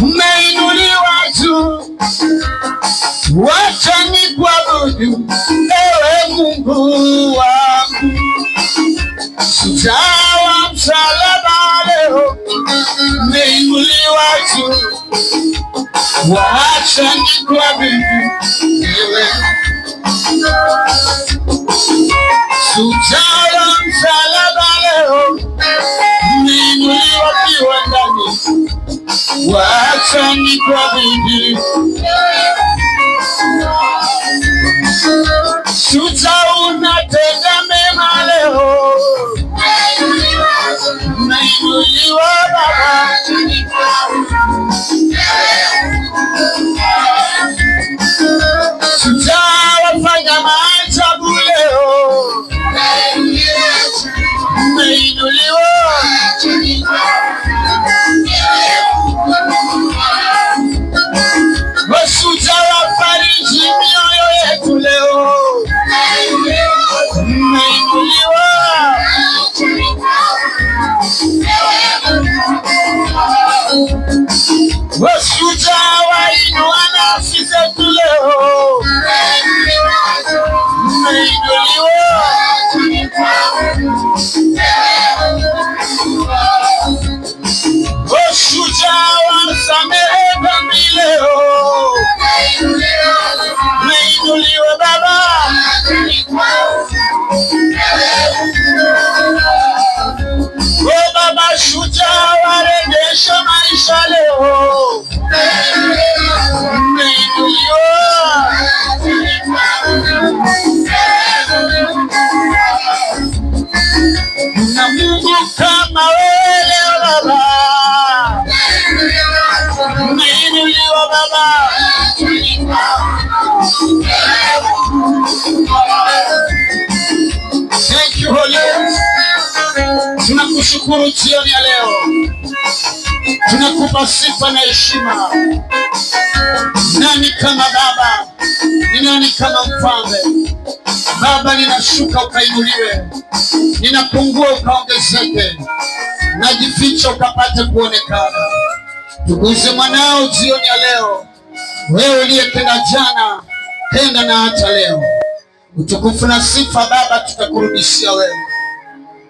Mmeinuliwa juu, wacha nikuabudu, ewe Mungu wangu. Shujaa wa msalaba leo mmeinuliwa juu, wacha nikuabudu, ewe Shujaa Wacha ni kwa wingi, tutaunatenda mema leo, nainuliwa Baba Mjawainua nafsi zetu leo, Baba. Thank you Tunakushukuru jioni ya leo, tunakupa sifa na heshima. Nani kama Baba? Ni nani kama Mfalme? Baba, ninashuka ukainuliwe, ninapungua ukaongezeke, najificha ukapate kuonekana. Tukuze mwanao jioni ya leo wewe uliyetenda jana, tenda na hata leo. Utukufu na sifa Baba tutakurudishia wewe.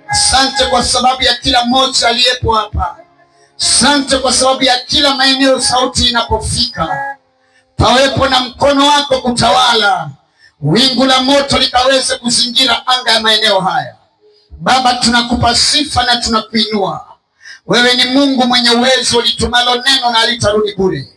Asante kwa sababu ya kila mmoja aliyepo hapa. Asante kwa sababu ya kila maeneo sauti inapofika, pawepo na mkono wako kutawala, wingu la moto likaweze kuzingira anga ya maeneo haya. Baba, tunakupa sifa na tunakuinua wewe. Ni Mungu mwenye uwezo, ulitumalo neno na litarudi bure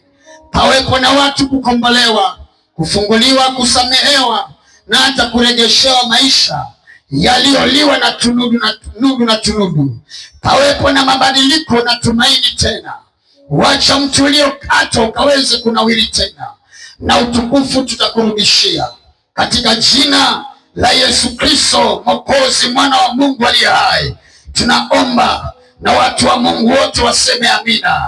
pawekwe na watu kukombolewa, kufunguliwa, kusamehewa na hata kurejeshewa maisha yaliyoliwa na tunudu na tunudu na tunudu. Pawepo na mabadiliko na tumaini tena. Wacha mtu uliokata ukaweze kunawili tena, na utukufu tutakurudishia katika jina la Yesu Kristo, Mwokozi, mwana wa Mungu aliye hai. Tunaomba na watu wa Mungu wote waseme amina.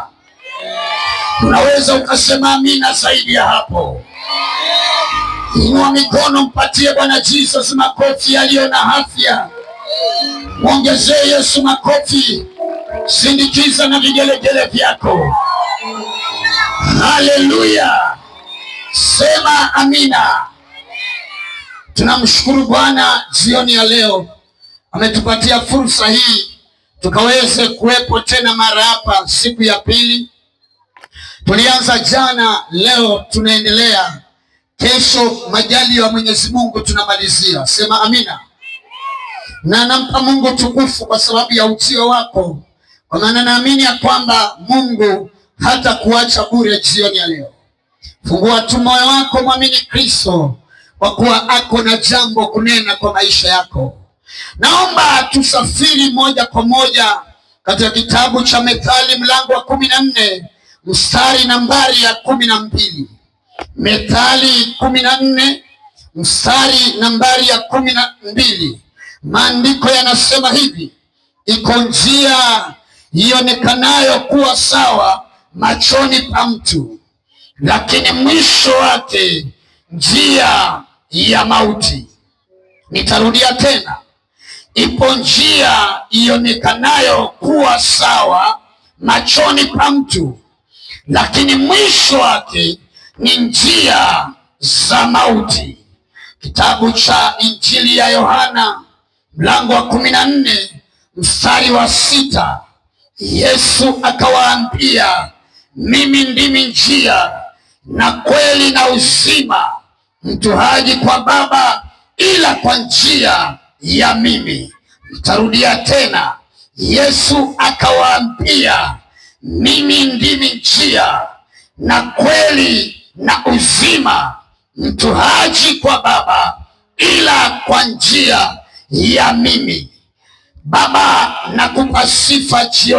Unaweza ukasema amina zaidi ya hapo. Inua mikono, mpatie Bwana Jesus makofi yaliyo na afya. Mwongezee Yesu makofi, sindikiza na vigelegele vyako. Haleluya, sema amina. Tunamshukuru Bwana jioni ya leo, ametupatia fursa hii tukaweze kuwepo tena mara hapa siku ya pili Tulianza jana, leo tunaendelea, kesho majali wa Mwenyezi Mungu tunamalizia. Sema amina. Na nampa Mungu tukufu kwa sababu ya ujio wako, kwa maana naamini ya kwamba Mungu hata kuacha bure jioni ya leo. Fungua tu moyo wako, mwamini Kristo kwa kuwa ako na jambo kunena kwa maisha yako. Naomba tusafiri moja kwa moja katika kitabu cha Methali mlango wa kumi na nne mstari nambari ya kumi na mbili Methali kumi na nne mstari nambari ya kumi na mbili maandiko yanasema hivi: iko njia ionekanayo kuwa sawa machoni pa mtu, lakini mwisho wake njia ya mauti. Nitarudia tena, ipo njia ionekanayo kuwa sawa machoni pa mtu lakini mwisho wake ni njia za mauti. Kitabu cha Injili ya Yohana mlango wa kumi na nne mstari wa sita Yesu akawaambia, mimi ndimi njia na kweli na uzima, mtu haji kwa Baba ila kwa njia ya mimi. Mtarudia tena, Yesu akawaambia mimi ndimi njia na kweli na uzima, mtu haji kwa Baba ila kwa njia ya mimi. Baba, nakupa sifa jioni.